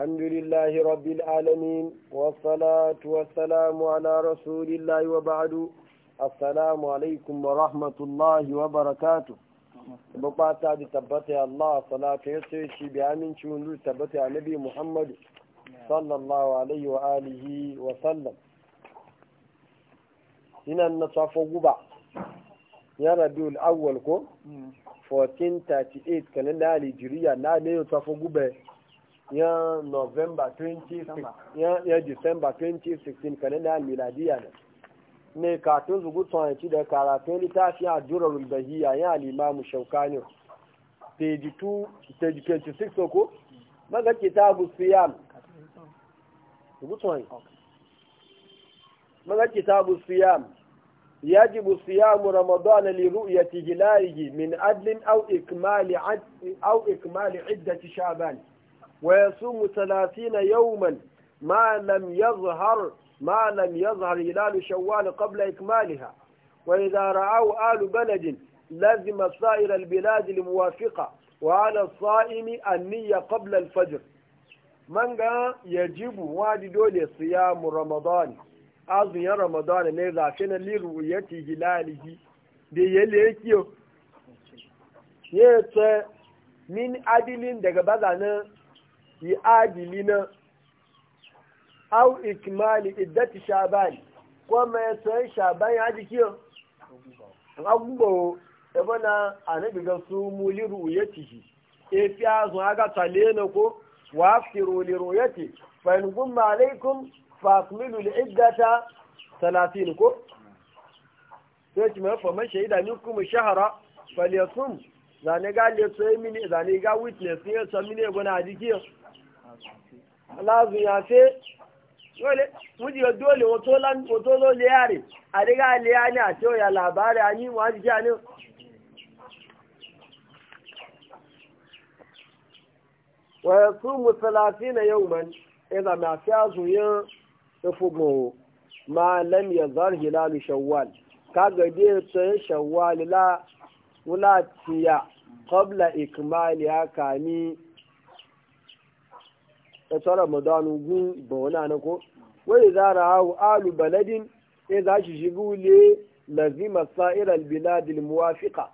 الحمد لله رب العالمين والصلاة والسلام على رسول الله وبعد السلام عليكم ورحمة الله وبركاته بقاتا دي تبتي الله صلاة يسيشي بأمين شونو تبتي على نبي محمد صلى الله عليه وآله وسلم هنا النصف قبع يا ربيع الأول كو 1438 كان لها لجريا لا ليه تصف قبع ya november 2016 ya december 2016 kanada miladiya ne mai katon zugu tsanci da karatun littafi a durar bahiya ya limamu shaukani page 26 oko ta kitabu siyam zugu tsanci ta kitabu siyam يجب صيام رمضان لرؤية هلاله من عدل أو إكمال, عد أو إكمال عدة شعبان ويصوم ثلاثين يوما ما لم يظهر ما لم يظهر هلال شوال قبل إكمالها وإذا رأوا آل بلد لزم سائر البلاد الموافقة وعلى الصائم النية قبل الفجر من يجب وادي دول صيام رمضان أظن رمضان نيزا كان لرؤية هلاله دي يليكيو يتا من عدل دقبضانا yi adili au ikmali iddati shaban ko mai tsayin shaban ya ji kiyo agbo ebe na ga su mu liru ya tihi efi azu aga tale na ko wa afiru liru ya ti fa in gumma alaikum fa akmilu iddata 30 ko sai ki mai fa man shaida minkum shahara falyasum zane ga le tsayin mini zane ga witness ne tsayin mini ebe na ji kiyo aláàfin àfẹ́ wọ́n ti ọdún olè wọ́n tó ló lé àrè àdígá lé àní àti òyà làbárẹ̀ àní wọ́n á ti jẹ́ àní wọ́n kú mùsùlùmí na yau man ẹ̀dà máa fẹ́ àzùyán ẹfọ́gbọ̀n hilalu shawwal shawwal ya ikimali ẹ̀tọ́ ramadan gún ìbọ̀wọ́ wani ní kó wọ́n yìí zára àwọn alùbẹ̀lẹ́dín ẹ̀ zá ṣì ṣubú lé lẹ́sìn masa iral biladil muwafiqa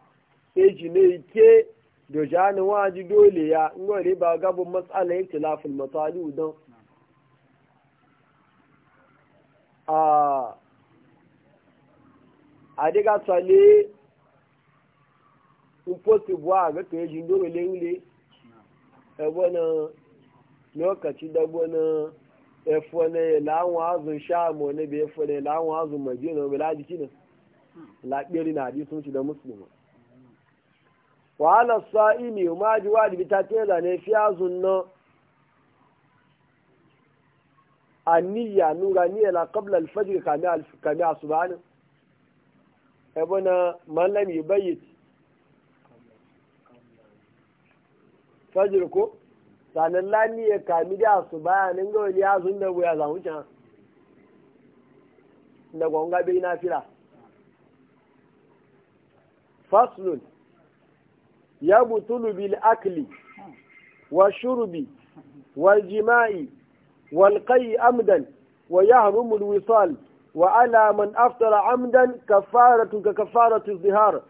ẹ̀ jì ní ike dòjá ni wọ́n á di dóòlè gabu matsala gbọ́ rí ba gábó masala ìtìláfin masali udan. adigatale mposi bua agaka eji ndoro le nle ebe na lokaci da gona efo ne lawon azun shamo ne bai efo ne lawon azun madina bai laji kina laɓiri na sun ci da musulma wa ala sa'imi ma ji wajibi ta tela ne fi azun na aniyya nura niyya la qabla al-fajr kami kami asubhan ebona man lam yubayit fajr ko sanan lami ya kami da su bayanin ga wani yazun da buya zamu can da gonga bai na fila faslun ya butulu bil akli wa shurbi wa jima'i wal qai amdan wa yahrumu al wisal wa ala man aftara amdan kafaratu ka kafaratu zihar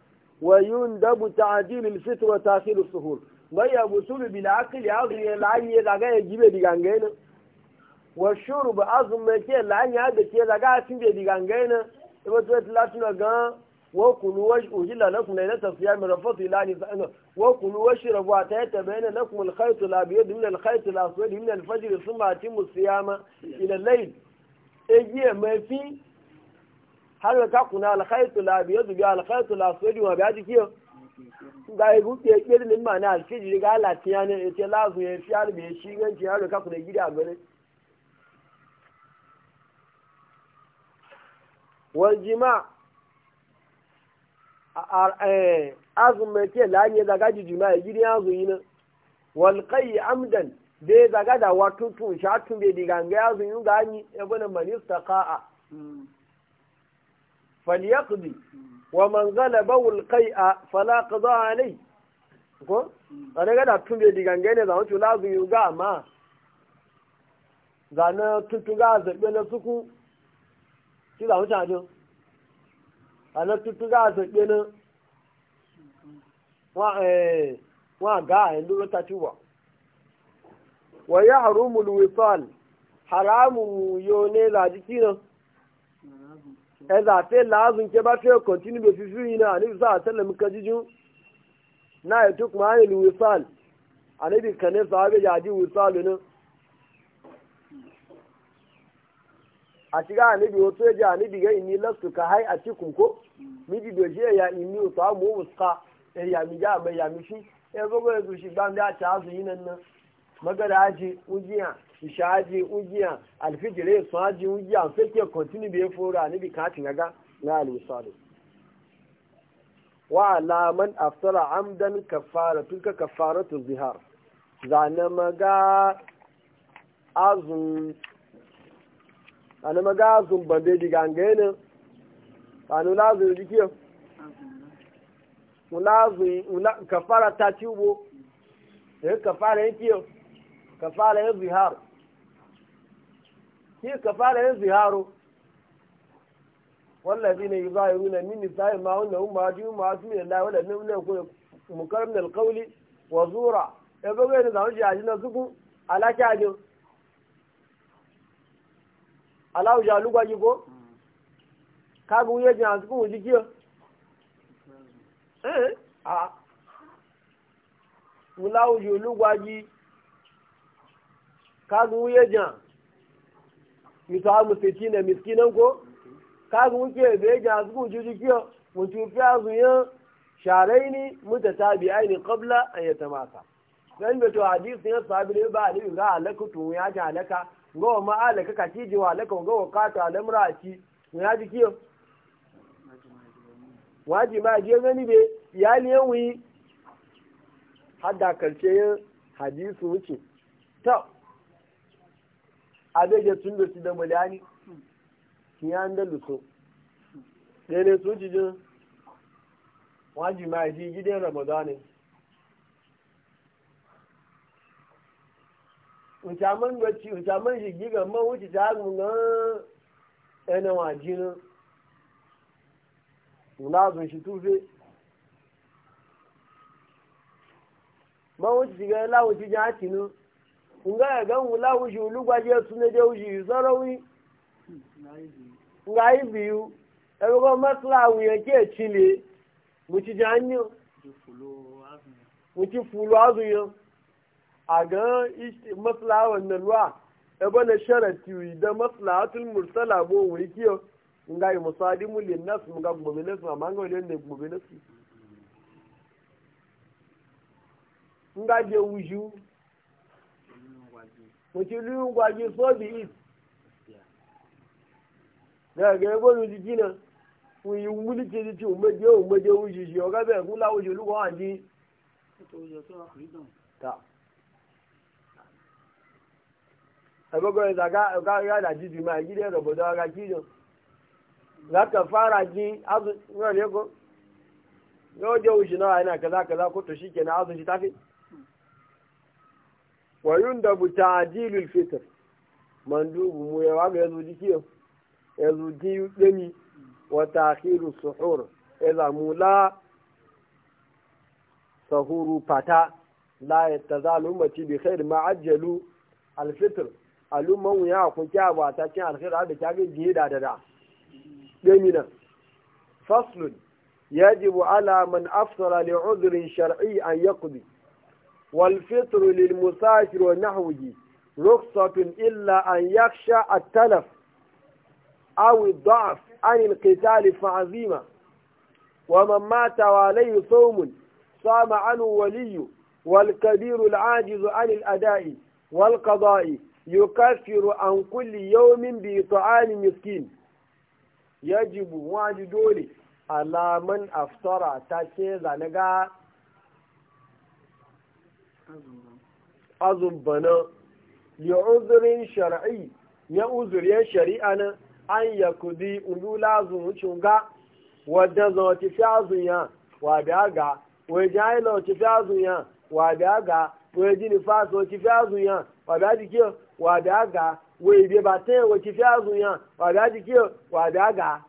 wa yundabu ta'jil al fitr wa ta'khir al suhur waya busulu bil akli azri lanye daga ya gibe digangena wa shurbu azma ke lanye da ke daga tin be digangena ibo to latuna ga wa kulu wash uhilla lakum layla tasiyam rafatu ila ni sa'ana wa kulu washrabu ta tabayana lakum al khayt al abyad min al khayt al aswad min al fajr thumma atimu siyama ila al layl ejiye mafi har ka kuna al khayt al abyad bi al khayt al aswad wa bi adikiyo ga ibu ke kirlin ma na alfiji ga latiya ne e ya ce lazu ya fi harbe ya shi ganci ya ruka kuna gida gane waljima azun e, mai ce da ya zaga jijima ya e gidi ya zuyi nan walƙai amdan dai zaga da wato tun sha tun bai diganga ya zuyi ga hanyi ya bane manista ka'a hmm. faliyakudi hmm. wa man galaba wulqai'a fala qada alai ko ana ga da tun bai digange ne zamu tula zu yuga amma zana tutuga zabe na suku ki za ta jo ana tutuga zabe na wa eh wa ga en duro ta tuwa wa yahrumu alwisal haramu yo ne da jikina ẹ zàfẹ́ làázùn kí ẹ bá fẹ́ kọ̀ntínú bẹ̀ fífú yìí náà àníbi sáà tẹ́lẹ̀ mi kan jíjú náà ètò kùmà áyè lu wíṣàl àníbi kàní sàábẹ̀ yà á di wíṣàl ní. àtìgá àníbi wọ́n tó ẹ jẹ́ àníbi gẹ́ ìní lọ́sùn ká háì àti kùnkó níbi dòjì ẹ̀yà ìní òtò àmọ́ òwòsàn ẹ̀yà mi já àmọ́ ẹ̀yà mi fi ẹ̀ gbogbo ẹ̀ ìṣáájì ujiya alfijire ìṣáájì ujiya fẹ́kẹ́ kọ̀tínú bí fúra níbi kan ti gaga láàrin ìṣàlẹ̀ wa alaman aftara amdan kafara tulka kafara tu zihar zane maga azun zane maga azun bambe digangainin zane lazun jikiyar kafara ta ciwo? da kafara yankiyo kafara yan zihar shi ka fara yin ziharo wallazi ne yi runa na mini sahi ma wannan umar ma'aji hun ma'aji min Allah wadda nan ne kuma mukarram da wa zura ya ga gani zamu ji aji na zuku alaki ajin alahu jalu lugwa ji ko ka ya wuye jin azuku wuji kiyo eh a wulahu ji lugwa ji ka ga mito ha musiki na miskinan ko kaga muke da yake jazu ku juji kiyo mutu ta azu yan sharaini mutatabi aini qabla an yatamasa dan mito hadisi ya sahabi ne ba ali ga alaka to ya ja alaka go ma ma'alaka ka ci wa alaka go kata ta a ci ya ji kiyo waji ma je gani be iyali yan wi hadda karshe hadisu wuce to abege sun da su da mulani ki ya da luso dele su ji jin waji ma ji gidan ramadani ucaman gaci ucaman shi giga ma wuce ta hagu na yana waji na mulazun shi tufe Ma wuce shiga lawon shi jin haki na nga ya gan wula wuji wulu gwaje su ne je wuji zarawi nga yi biyu ebe ko masla wuye ke chile mu ci janyo mu ci fulu azuyo a gan masla wannan ruwa ebe e na sharati da masla atul mursala bo wuri kiyo nga yi musadimu lin nas mu ga gobe nasu amma nga wani ne gobe nasu nga je wuju mutu liyun gwaji so bi it daga ebo lu ti jina fún iye wúlí kejì tí òun méje òun méje òjijì ọ̀gá bẹ̀rẹ̀ fún láwùjọ olúkọ́ wà ní. ẹgbẹ́gbẹ́ ìsàká ọ̀gá ìyáàdà jíjì máa jí lẹ́rọ̀ fara jí ní náà àyìnà kó tó náà wa yundabu ta'jilul fitr mandubu mu ya waga yazo dikiyo yazo diyu demi wa ta'khiru suhur idza mula sahuru fata la yatazalu ummati bi khair ma ajjalu al fitr alumman ya ku kya ba ta cin alkhair da kya ga jiye da da demi nan faslun yajibu ala man afsara li udhrin shar'i an yaqdi والفطر للمسافر ونحوه رخصة إلا أن يخشى التلف أو الضعف عن القتال فعزيمة ومن مات وعليه صوم صام عنه ولي والكبير العاجز عن الأداء والقضاء يكفر عن كل يوم بطعام مسكين يجب واجدولي على من أفطر تاكيز نقا azun bana ya uzurin shari'i ya uzriyan shari'a na an ya kudi ulu lazun chunga ga wadda zan ti fi azun ya wa biya ga jai lo ti fi azun ya wa biya ga wajen nifasa ti fi azun ya wa biya ki wa biya ga ba te wa ti fi azun ya wa biya ki wa biya ga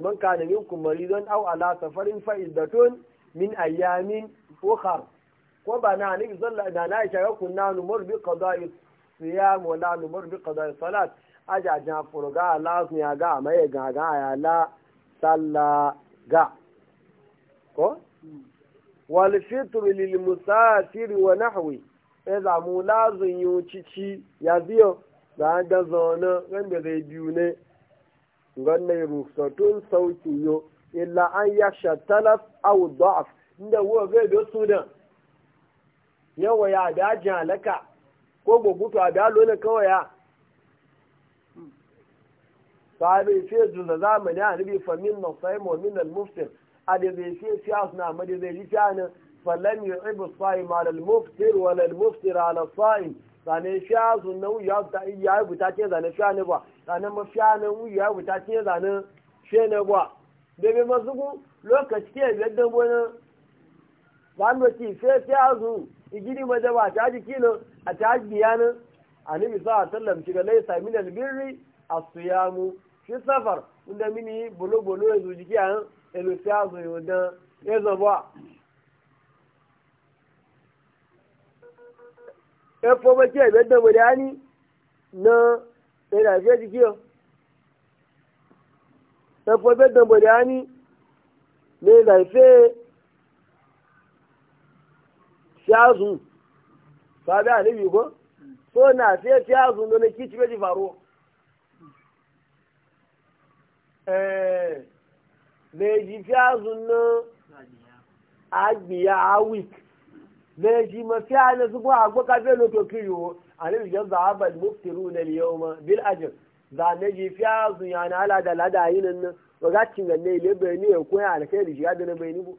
man kana yukum مريضا aw ala safarin fa'idatun min ayamin ukhra ko ba na annabi zalla da wasallam na aisha kunna numur bi qada'i siyam wala numur bi qada'i salat aja ja furga la ya ga mai ga ga ya la salla ga ko wal fitr lil musafir wa nahwi idza e mulazun yucici ya biyo da da zona wanda zai biyu ne ganne ruksatun sauki yo illa an yasha talaf aw da'af inda wo ga da sunan yawa ya da jalaka ko gogutu a da lona kawai ya sabi sai zuza zamani a nabi famin masai momin al-muftir a da zai sai siyas na amma da zai ji fiyanin fallan yi ribu sa'i ma al muftin wa al-muftir ala sa'i zane fiyasu na wuya ya yi buta ce zane fiyanin ba zane mafiyanin wuya ya buta ce zane fiyanin ba da bi masu ku lokaci ke yadda wani ba mu ci sai fiyasu igini maza ba ta ji kino a ta ji biyanin annabi sa a shi ga laisa min albirri asiyamu shi safar inda mini bolo bolo ya zuji kiyan elusiya zo yodan ya zaba fo ba ke bedda budani na ina fiye jiki yo efo bedda budani ne zaife tiyazu sabi anabi ko so na sai tiyazu no na kici be faro eh le ji tiyazu agbiya awik le ji ma fi ana su ko agbo ka fe lo to kiri wo anabi je za abal muftiruna al yawma bil ajin za ne ji tiyazu yana ala da ladayin nan wa ga cin ganne le bayani ko ya alkai da shi ya da bayani bu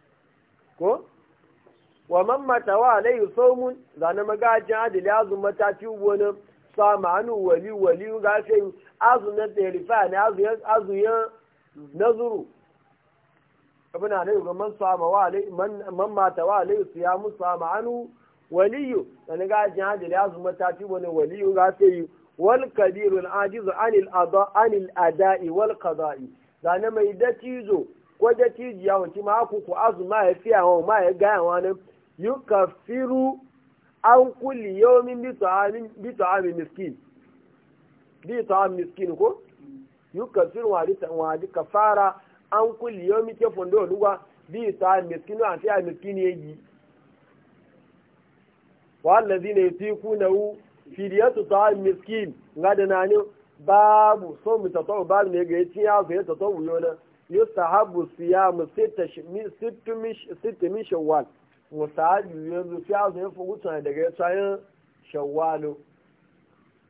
ko wa man wa alayhi sawmun zana magajin adili azu ta ci wani sa anu wali wali ga sai azu na terifa ne azu ya azu ya nazuru abuna ne ga man sa ma wa alayhi man man wa alayhi siyamu sa anu wali zana gajin adili azu ta ci wani wali ga sai wal kabirul ajizu anil ada anil adai wal qada'i zana mai da cizo ko da ti jiya wanci ma ku ku azu ma ya e fiya wa ma ya e gaya wa nan yukaffiru an kulli yawmin bi ta'amin bi miskin bito ta'am miskin ko yukaffiru wa di wa di kafara an kulli yawmin ke fondo luwa bi ta'am miskin an fiya miskin yayi wallazina yutiqunahu fidiyatu ta'am miskin ngadana ne babu so mu tatawu babu ne ga yaci ya ga tatawu yona yustahabu siyamu sittu min shawwal musahabi yanzu sai azu ya fi gutsa daga yasayin shawwalu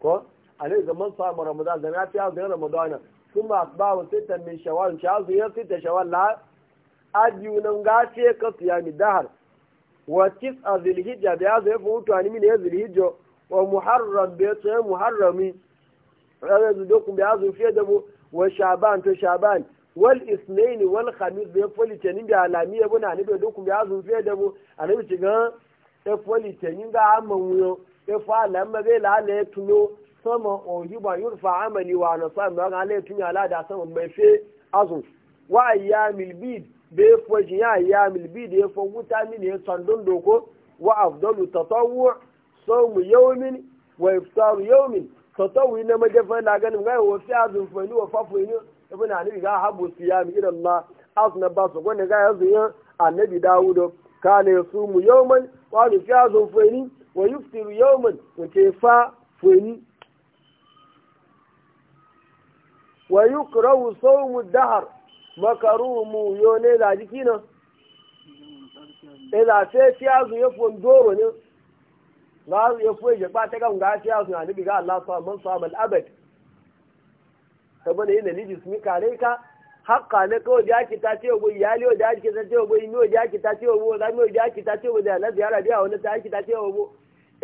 ko alai zaman samu ramadan da na fi azu ya ramadana kuma asbahu sittu min shawwal shi azu ya sittu shawwal la abiyu nan gafe ka siyami dahar wa a zilhijja da azu ya fi gutsa ni min ya zilhijjo wa muharram bi muharrami ranar dokun fiye da mu shaban to shaban wal isnaini wal khamis be foli tenin da ya buna ni be dokum ya zun fe da bu anabi ci gan e foli tenin ga amanwo e fa ma be la le tuno sama o yuba yurfa amali wa na sa ma ga le tuno ala da sama be fe azun wa ayamil bid be foji ya ayamil bid e fo wuta ni ne sandon doko wa afdalu tatawu sawm yawmin wa iftar yawmin tatawwi na e fa la ni ga wo fi azun fani wa fafu ni ibn hanifi ga habu siyam ila Allah asna basu wanda ga yanzu yan annabi Dawud kana yasumu yawman wa yufiazu fani wa yuftiru yawman wa kayfa fani wa yukrahu ad dahr makarumu yone da jikina ila sai fiazu ya fondoro ne ga ya fuye ba ta ga ga fiazu annabi ga Allah sa man sa al abad saboda yana liji su mika kare ka haka na kawai da ake ta cewa bai yali wa da ake ta cewa bai miwa da ake ta cewa bai zami wa da ake ta cewa da na ziyara da wani ta ake ta cewa bai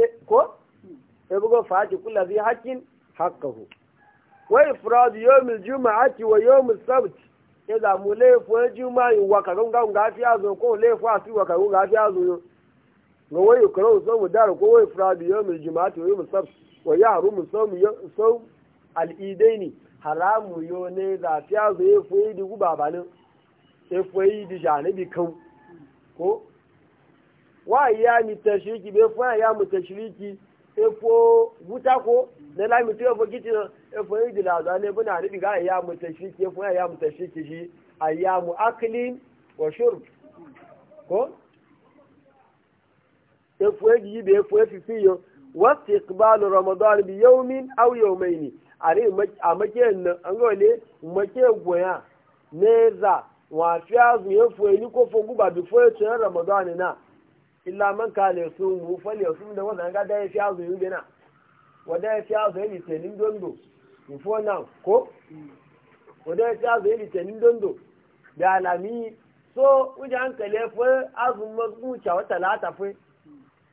e, ko sai bugo fati kula zai hakkin hakkahu wai ifrad yawmil juma'ati wa yawmil sabt ya zamu laifin juma'i wa karun ga gafiya zo ko laifin asu wa karun gafiya zo yo ga wai yukrau so mu dar ko wai ifrad yawmil juma'ati wa yawmil sabt wa yahrumu sawm sawm al-idaini haramu yo ne za fiya zo ya foyi di guba ba nan ya foyi di janibi kan ko wa ya mi tashiriki be fa ya mu tashiriki efo wuta ko na la mi tefo kiti na efo yi di lazo ne buna ni diga ya mu tashiriki efo ya mu tashiriki shi ayyamu aklin wa shurb ko efo yi di be efo fifi wasu ikbalu ramadan bi yaumin au yaumaini a make nan an gole make goya neza wa fi azu ya fuwe ko fogu ba bi fuwe tun ramadan na illa man ka le su mu fa le su da wannan ga da ya fi azu yin na wada ya fi azu ni tenin dondo mu fo nan ko wada ya fi azu ni tenin dondo da alami so wujan kale fuwe azu mu cha talata lata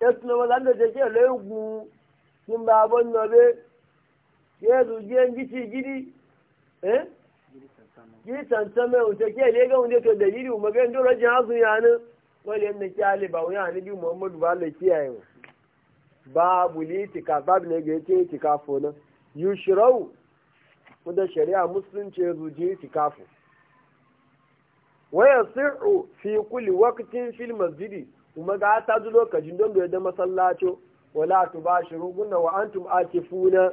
ẹtùnú wọn láti ṣe ṣe lẹ́gùn tí ń bá abọ́ ń lọlé yéèzù jẹ́ ń jíjí gidi gidi tàǹtàn mẹ́rin ṣe ṣe ilé gẹ́gùn tó tẹ̀lé yìí wọ́n mọ̀gẹ́ ń dúró jẹ́ àásùn wọ́n lè ní Ba shari'a musulunci ce zuji ìtìkà fún wọ́n yẹ sí fi kulli wákìtì fil masjidi kuma ga ta ji lokacin don bai da masallaco wala tu ba shi rukunna wa antum akifuna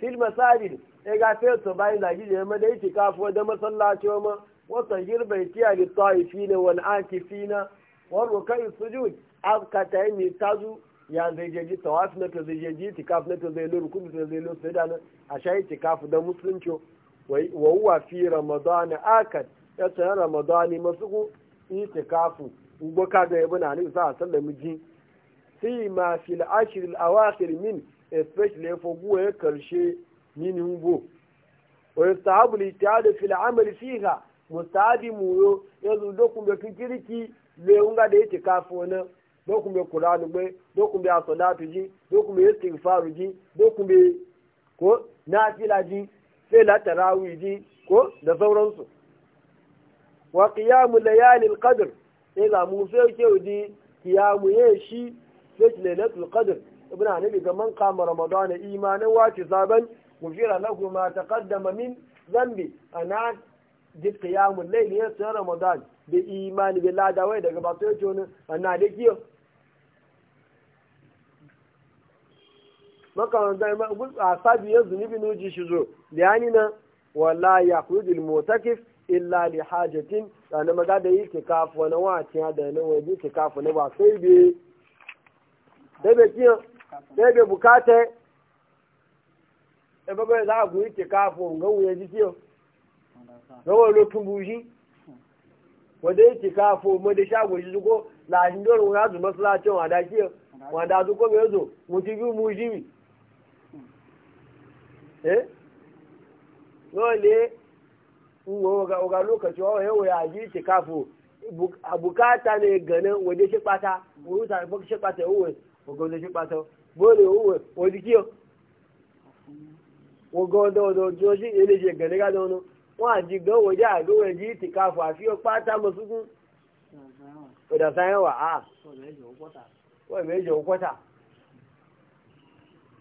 fil masajid e ga fe to bai da gidi ma dai ki kafo da masallaco ma wa tahir baitiya li taifina wal akifina wa rukai sujud aka ta yi ta zu ya zai je ji tawaf na ta zai je ji tikaf na ta zai lo rukun ta zai lo sai da a shayi tikaf da musulunci wa huwa fi ramadan akad ya ta ramadani masuku itikafu ubo ka ga ibn ali sa sallam jin fi ma fil ashirin al awakhir min especially for guwe karshe min ubo wa yastahabu al fi fil amal fiha mustahabi muyo yanzu dokun be kirki le unga da yake kafo na dokun be qur'an be dokun be salatu ji dokun be istighfaru ji dokun be ko nafila ji sai la tarawih ji ko da sauransu wa qiyamul layalil qadr sai ga mu sai ke ya kiyamu ye shi sai lailatul qadr ibn anabi ga man qama ramadan imani wa tisaban na lahu ma taqaddama min zambi ana di kiyamu layl ya sa ramadan bi imani bi wai daga ba sai ce ana da kiyo makaranta a sabi ya zunubi nuji shi zo da yani na wala ya kudil motakif illa li hajatin ɗani maza da yi tikafu wani ya da ni wani tikafu ne ba sai bi dabe kiyan dabe bukata ebe bai za a ku yi tikafu ga wuya ji kiyan ga wani lokacin bushi wanda yi tikafu mai da shago shi zuko lashin dole wani azu masalacin wada kiyan wanda zuko mai zo mutu biyu mu shi mi eh? le. ga lokaci wa yau ya ji kafu a bukata ne ganin waje shi bata wuri ta shi bata uwe waje shi bata bole uwe waje kiyo wanda wanda wajen shi ne gani ga da wani wọn ji gan waje a ga waje ti kafu a fiye bata masu kun a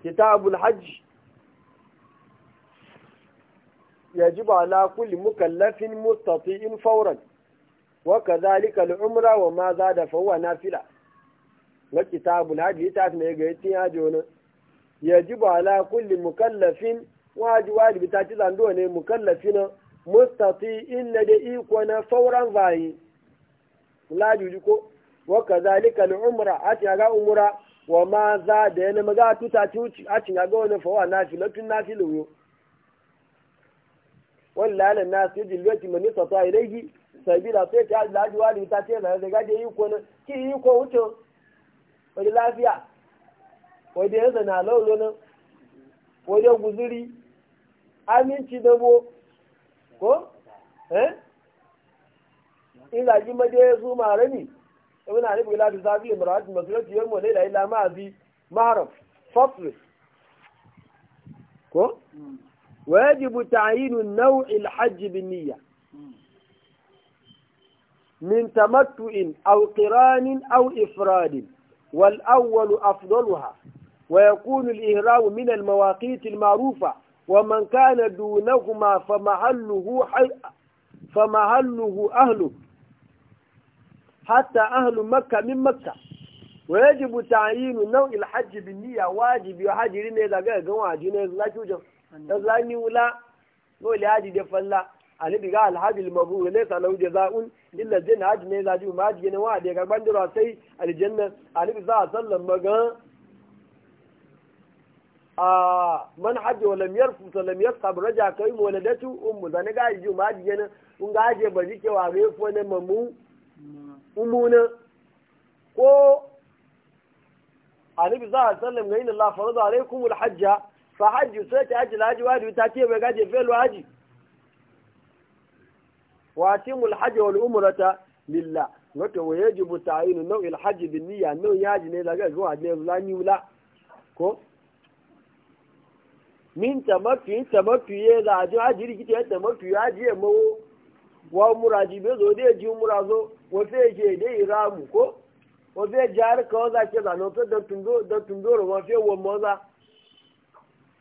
kitabul hajji يجب على كل مكلف مستطيع فورا وكذلك العمرة وما زاد فهو نافلة وكتاب الهج يتعرف نيجيتي هاجونا يجب على كل مكلف واجب واجب تاتيز عندنا مكلفين مستطيع ندي يكون فورا ضاي لا جوجكو وكذلك العمرة أتيغا عمرة وما زاد يعني مغا تتاتيوش أتيغا فهو نافلة نافلة wallahi na su ji lati mani sa ta iregi sabila sai ta laji wani ta ce na daga je yi ko ki yi ko wuce wani lafiya wani yanzu na laulo nan wani guzuri aminci da bo ko eh in laji maje su marami ibn ali ila bi zabi imra'at maslati yawm wa layla ila ma bi mahraf fasl ko mm. ويجب تعيين نوع الحج بالنية من تمتع أو قران أو إفراد والأول أفضلها ويكون الإهرام من المواقيت المعروفة ومن كان دونهما فمحله حي... فمحله أهله حتى أهل مكة من مكة ويجب تعيين نوع الحج بالنية واجب يحجرين إذا قال قواعد لا توجد ta zani wula no le haji da falla alibi ga alhaji almabrur laysa lahu jazaa'un illa janna haji ne zaji ma haji ne wa da gaban dira sai aljanna alibi za sallan maga a man haji wa lam yarfu wa lam yasqab raja kai waladatu ummu zani ga haji ma haji ne kun ga haji ba jike wa ga fo ne mamu umuna ko alibi za sallan ga inna allah alaykum alaikum alhajja fa hajji so ta hajji laji wadi ta ce bai gaje felo haji wa atimul hajji wal umrata lillah wato wa yajibu ta'yinu naw'il hajji bin niyya naw'in haji ne daga zuwa ne zani wula ko min ta mafi tamattu ye da ajin haji rikita ya tamattu ya haji ya mawo wa muraji be zo dai ji murazo wa fe je dai ramu ko wa fe jar ka za ke da no to da tundo da tundo ro wa fe wa maza?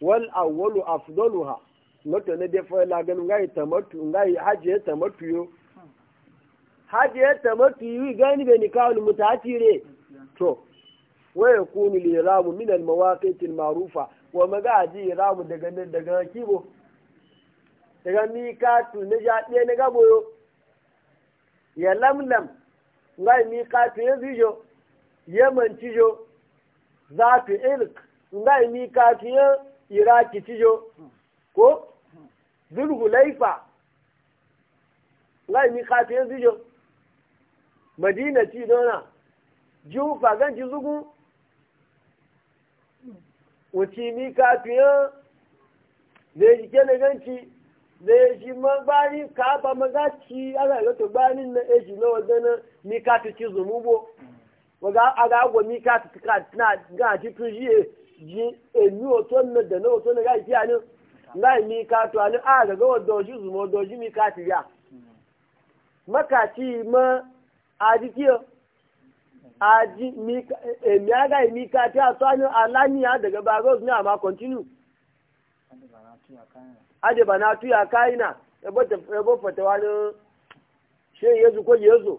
wal awwalu afdaluha noto ne de fa la gan ngai tamatu ngai haje tamatu yo haje tamatu yi gani be ni kawul mutatire to wa yakunu li rabu min al mawaqit al ma'rufa wa magaji rabu daga nan daga kibo daga ni ka tu ne ja de ne gabo ya lamlam ngai mi ka tu ye bijo yaman tijo zatu ilk ngai mi ka tu ye iraki cijo ko laifa lai mi kafin cijo madina ci dona jufa gan ci zugu wuci mi kafin zai ji kene ganci zai ji ma bani ka ba magaci ana ga to bani na eji na wadana mi ka ci bo waga aga go mi ka ci ka na ga ci tujiye ji emi oto na da na oto na ga ifi ani nga e mi ka to ani a ga go doji zu mo doji mi ka ti ya maka ti ma aji ti o aji mi emi aga e mi ka ti ato ani ala ni a daga ba go ni ama continue ade bana tu ya kaina ebo ebo e fatawa no she yezu ko yezu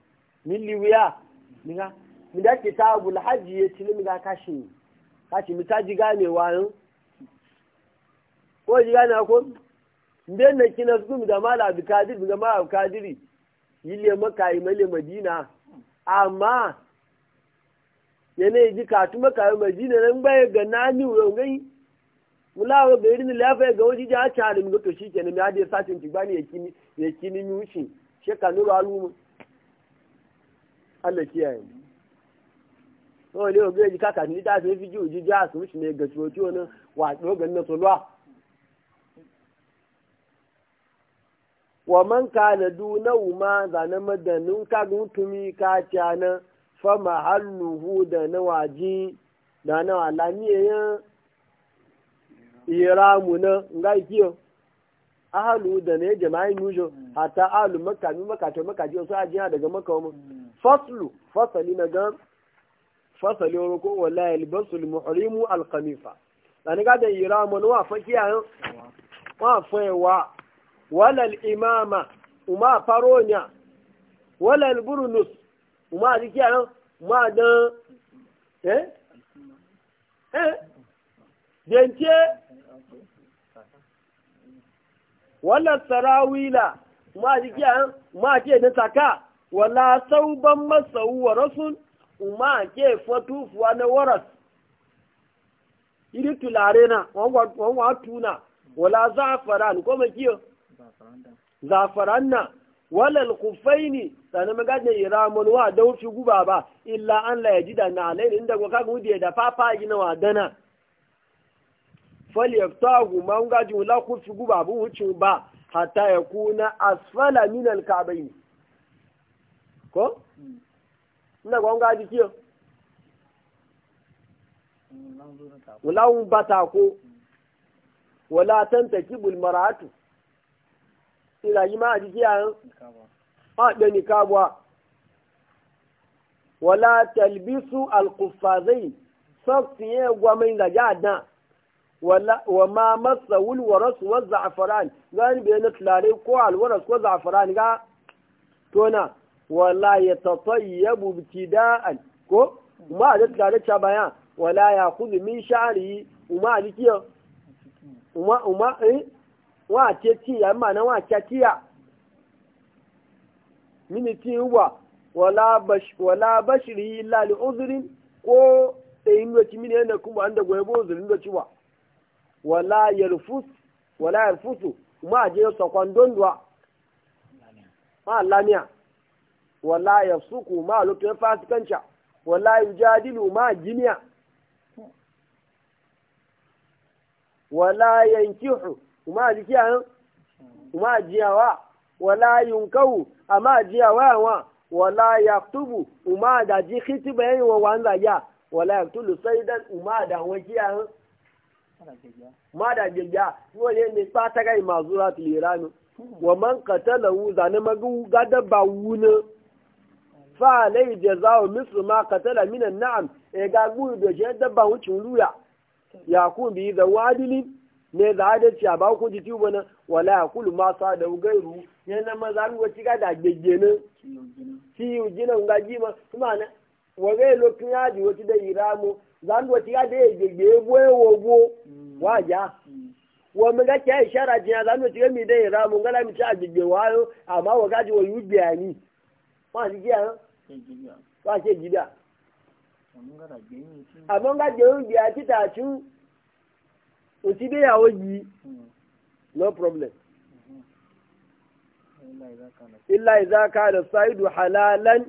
milli wuya miga mi da ke ta abu lahaji ya ci miga kashi kashi mi ta ji wa yin ko ji gane ko nden na kina su mi da mala kadir mi ga mala kadiri yi le maka yi male madina amma yanayi ji katu maka yi madina nan baya ga nani wuyan gai mulawa ga irin lafiya ga wajen ji a cari mi ga to shi kenan mi hadi satin ci bani ya kini mi wuce shekaru alumun Allah kiyaye mu so le oge eji kaka ni da se fiji uji ja su shi ne ga shoci wani wa dogon na tolwa wa man na duna uma zana madannin ka gutumi ka tiana fa mahalluhu da na waji da na Ni ya mu na nga kiyo ahalu da ne jama'i nujo hata alu makka mi makka to makka ji so ajiya daga makka mu faslu fasali na gan fasali wani ko wala yalbasu al-muhrimu al-qamisa dan ga da iraman wa fa kiyan wa fa e wa wala al-imama uma faronya wala al-burnus uma dikiyan ma dan eh eh dence wala sarawila ma dikiyan ma ce da saka wala sauban masau wa rasul umma ke fatu fuwa na waras iri tulare na wanwa tuna wala zafaran ko kiyo zafaran na wala alkufaini sanan magajin iramon wa daufi guba ba illa an la yaji da na alaini inda kwa kaga wudiye da fafa yi na wadana falyaftahu ma ngajin wula kufi guba bu wucin ba hatta kuna asfala min alkabaini ko ina kwa nga di kiyo wala un bata ko wala tantaki kibul maratu ila yi ma a jiki ha eh? de da ni kabwa wala talbisu alqufazai safiye gwamai da wala wa ma masa waras wa za'faran gani bai na tulare ko al waras ko za'faran ga tona wala ya tatayyabu ibtida'an ko kuma a datta da cha baya wala ya khudhu min sha'ri uma alikiyo uma uma eh wa teti ya ma na wa chakiya mini ti wa wala bash wala bashri illa li udhrin ko in ga mini yana kuma an da goye bo udhrin da ciwa wala yarfus wala yarfusu kuma a je sakwan dondwa ma lamiya wala ya suku ma lokacin fasikanca wala ya jadilu ma jiniya wala nkihu ma jikiya ma jiyawa wala a ma jiyawa wa wala tubu ma da ji khitiba yi wa wanda ya wala yaktulu saidan ma da wakiya ma da gaggiya wale ne ba ta kai mazura tilirani wa man wu zane magu gadaba wuna fa alai jaza'u mislu ma qatala min an-na'am e ga gudu da je dabba wucin ruya ya ku bi da wadili ne da adalci a ba ku ji tubu na wala yakulu ma sa da gairu ne ma za go ci ga da gegge ne ci ujina ga ji ma kuma na wa ga lokin ya ji wata da iramu zan go ci ga da gegge wo wo wa ja wa mu ga ke shara ji zan go ci ga mi da iramu ngala mi ci a gegge wayo amma wa gaji wa yubiya ni ma ji ya wá ṣe jìbíà ń oúnjẹ àti tààtú òtí yìí no problem. Hmm. ilá idza kana saidu halalan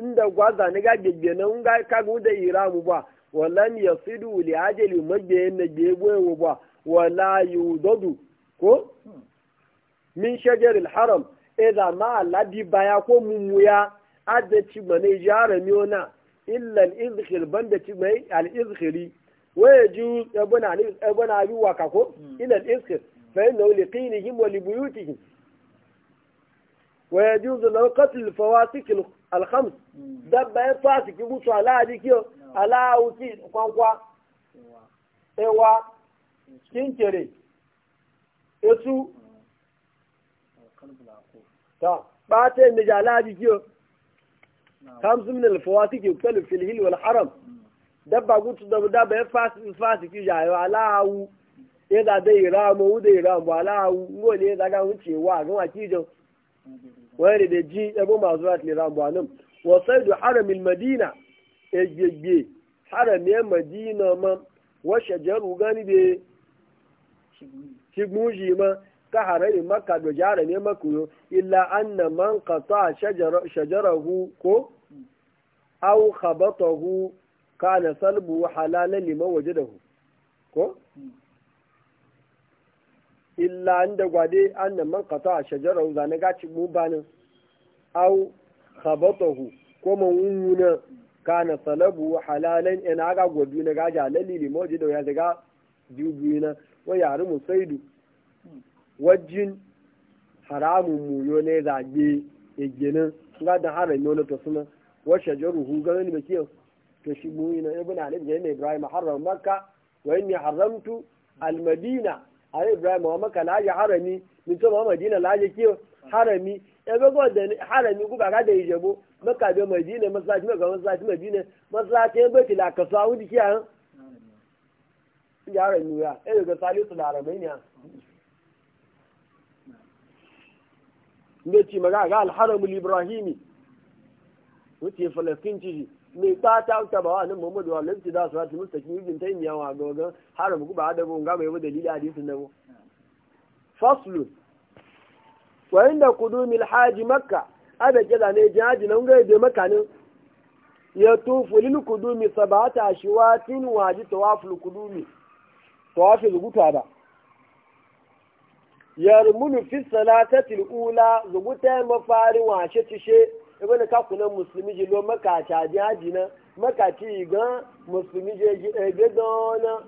inda gwaza ni ga gbe na nga ka gu da iramu ba walan yasidu li ajali majbe na gbe e wo ba ko hmm. min shajaril haram zama ma ladi baya ko mumuya ci mane jarami ona illa al-izkhir banda ci mai al izhiri wa yaju abuna ni abuna bi wa kako hmm. illa al-izkhir fa inna li qinihim wa li buyutihim wa yajuzu law qatl al-fawasik al-khams hmm. dabba ya fasiki mutu ala dikiyo hmm. ala uti kwankwa ewa kinkere etu ta ba ta yin da jala kamsu min alfawati ke kalu fil hil wal haram dabba gutu da dabba ya fasi fasi ki jayo alahu ya da dai ramu da ramu alahu ngole da ga wuce wa ga wa kijo wani da ji ebo mazurat ne ramu anan wa saidu haram al madina egege haram ya madina ma wa shajaru gani be shigmuji ma ka harami maka da ne makuyo illa anna man qata shajarahu ko aw khabatahu kana salbu halalan liman wajadahu ko illa anda gwade anna man qata shajarahu zane gaci mu banin aw khabatahu ko man wunna kana salabu halalan ina ga gwadu ne ga jalali mawaje wajadahu ya daga biyu biyu na wa yari saidu wajin haramun muyo ne zage egenin ga da haram yau na ta suna washe jaruhu ganin da kiyo to shi muyi na ibn ali bin ibrahim haram makka wa inni haramtu al madina ali ibrahim wa makka la ya harami min to madina la ya kiyo harami e be go da harami ku ba ga da ijebo makka be madina masallaci ga masallaci madina masallaci be kila ka saudi kiyan ya harami ya e ga salisu da haramaini ne ci maga ga alharamu ibrahimi wuce falastin ci ne ta ta ta ba nan muhammadu wa lanti da su hati yi ibn yi wa ga ga haram ku ba da bon ga bai da hadisin nan faslu wa inda mil haji makka ada kira ne jaji nan ya je makka ne ya tufu lil qudumi sabata ashwatin waji tawaful qudumi tawafil ba yarmulu fi salatati ula zubuta mafarin washe tishe ibn kakuna musulmi ji lo makaca jaji na makaci ga musulmi je e, ga dona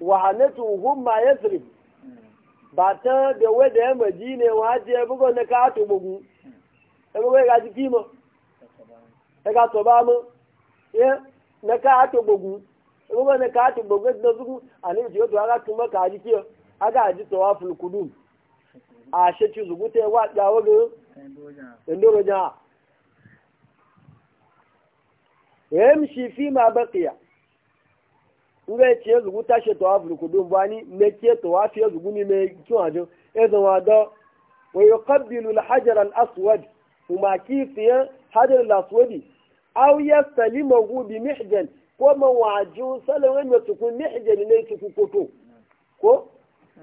wahanatu humma yasrib ba ta da ya madine waje bugo na ka to bugu ga ji kimo e ga to ba mu ye na ka to bugu e na ka to bugu da ani tuma ka ji aga ji to wa a ṣe waɗa wani wà dáwọ́ ya yi mishi fi ma baqiya nga ce zuguta ba ni na ke tawa me ce to afiya zuguni me kin ya e zama da wa yuqabbilu al-hajar al-aswad kuma ki hajar hajjar al'aswad aw yastalimu bi mihjan ko man waju salawan wa tukun mihjan ne tukukoto ko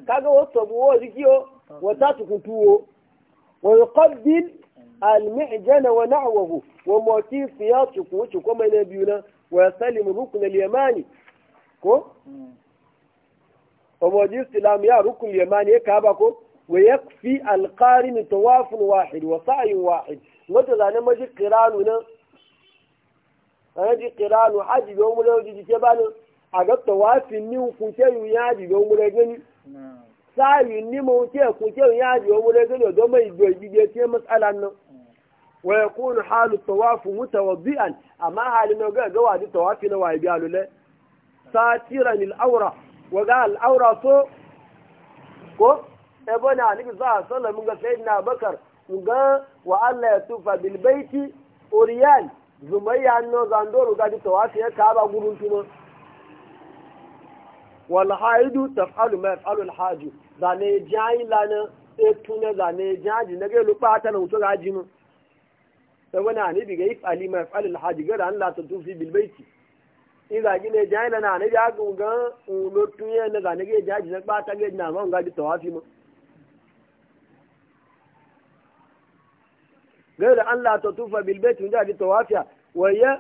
kaga wasu bo zikiyo وتاتو توو ويقبل المعجن ونعوه ومعطي فياتو كوتو كما نبينا ويسلم ركن اليماني كو ومعطي السلام يا ركن اليماني كو ويكفي القارن طواف واحد وصعي واحد نمجي نجي قراننا نجي قران حج يوم لو جيت بان اغا طواف ني وكنت يوم يا جي يوم لو sayu ni mu ce ku e ya ji e wa wurin gani mai gbogbi ya ce matsalan nan. Wai kun halu tawafu muta wa bi'an, amma halin na gaga gawa da tawafi na waye biya lule. Satira ni wa ga al'aura so, ko? Ebo na aliki za a sallar mun ga sayi na bakar, mun ga wa Allah ya tufa bilbaiti, Oriyal, Zumayya no zandoro ga da tawafi ya kaba gurun tuma. والحائد تفعل zane jayi lana etu na zane jaji na na wuto gaji mu wani ani mai fali alhaji gara an tufi bilbaiti in lana ani ga ga na zane na na ma gaji tawafi mu an lata tufa bilbaiti mun jaji tawafiya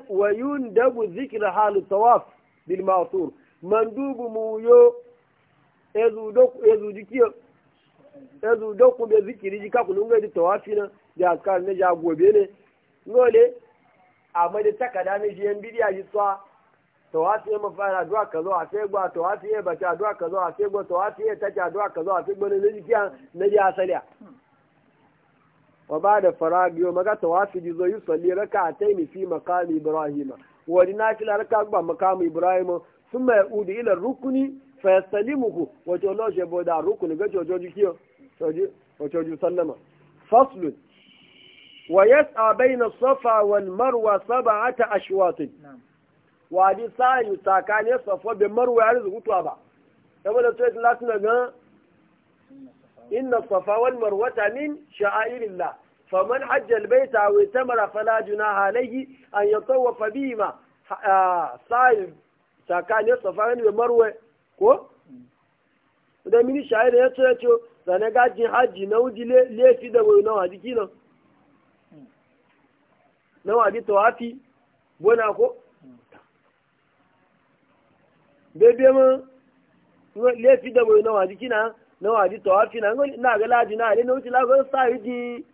wayun dabu zikir halu tawaf bil mandubu mu yo ezu dokun be zikiri ji kakunu ngai di tawafi na da askar na ja gobe ne ngole amma da takada ne ji yan bidiya ji tsawa tawafi ya mafana addu'a ka zo a sai gwa tawafi ya bace addu'a ka zo a sai gwa tawafi ya tace addu'a ka zo sai gwa ne ji kiyan na ji asaliya wa ba da faragi wa maga tawafi ji zo yusalli raka'atayn fi maqami ibrahima wa dinafil raka'a ba maqami ibrahima thumma yaudu ila rukuni fẹsẹlímùkù wọ́tí ọlọ́ọ̀ṣẹ́ bọ́dá àrókù nígbẹ́ tí ọjọ́ jù kí ọjọ́ jù sálẹ́mà. fọ́sùlù wọ̀yẹ́sì àbẹ́yìnà sọ́fà wọn márùwá sábà àtà àṣìwàtì wà á di sáàyù tàkà ní sọ́fọ́ bẹ márùwá yàrá ìzùkú tó àbà. ẹ bọ́dọ̀ tó ẹtì láti nà gan iná sọ́fà wọn márùwá tà ní ṣàá ìrìlá fọmọ́n hajjẹ́ lè bẹ́yìí tàwé tẹ́mọ̀rà fanájúná àlẹ́ yìí àyàn tó wọ fàbí ìmà sáàyù tàkà ní sọ́fà wọn márùwá ko da mini shayar ya ce ce zane gajin haji na wuji lefi da wani nawa jiki na nawa ji tawafi bona ko bebe ma lefi da wani nawa jiki na nawa ji tawafi na na ga laji na ale na wuce lagon sa'i ji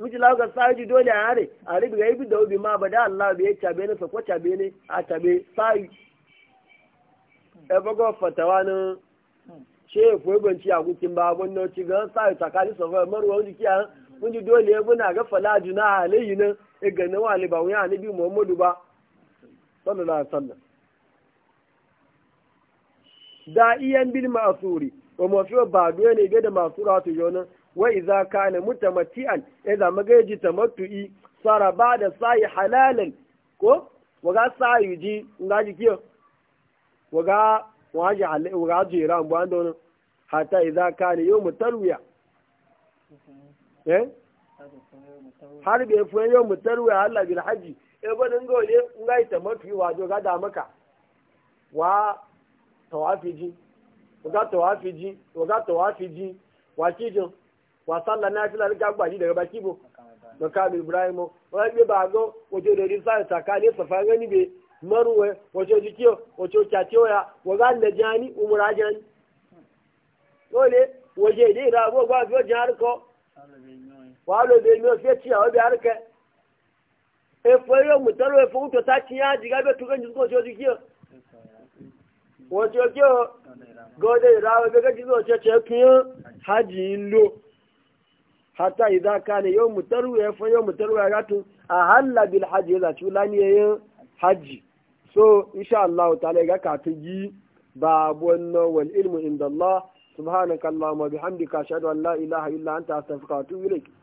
wuce lagon sa'i ji dole a yare a ribi ga ibi da obi ma ba da allah be ya cabe ne sakwa cabe ne a cabe sa'i ebogo fatawa nan ṣe fo gbanci a kukin bá wọn náà ti gan sai tsakani sofa marwa wani kiya wani dole a buna ga falaju na halayi náà e ganin wali ba wani anabi muhammadu ba sallallahu alaihi wasallam da iyan bil ma'suri ba da ma'sura to yona wa idza kana mutamatti'an idza magaji tamattu'i sara ba da ko waga waje waga jira bu an don hatta idza kana yawm tarwiya eh har be fu yawm tarwiya Allah bil haji e gwanin gole ngai ta mafi wajo ga da maka wa tawafiji waga tawafiji waga tawafiji wa kijin wa sallah na fi lalika gbaji daga baki bo makamu ibrahimo wani gbe ba go wajen da rin sa ta kane safa gani be maruwe wato jikiyo wato kyatiyoya waga da jani umura jani dole waje dai rabo ba biyo jihar ko walo bai miyo fiye ciya wa biyar ka e foyo mutaro e futo ta ciya diga be tukan jisko wato jikiyo wato jikiyo gode rawo be ga jizo ce ce kiyo haji lo hatta yo kana yawmu tarwiya fa yawmu tarwiya gatu ahalla bil haji la tulani yayin haji so insha Allah ta'ala ga ka ta yi ba wannan wal ilmu inda Allah subhanaka Allahumma bihamdika ashhadu an la ilaha illa anta astaghfiruka wa atubu ilayk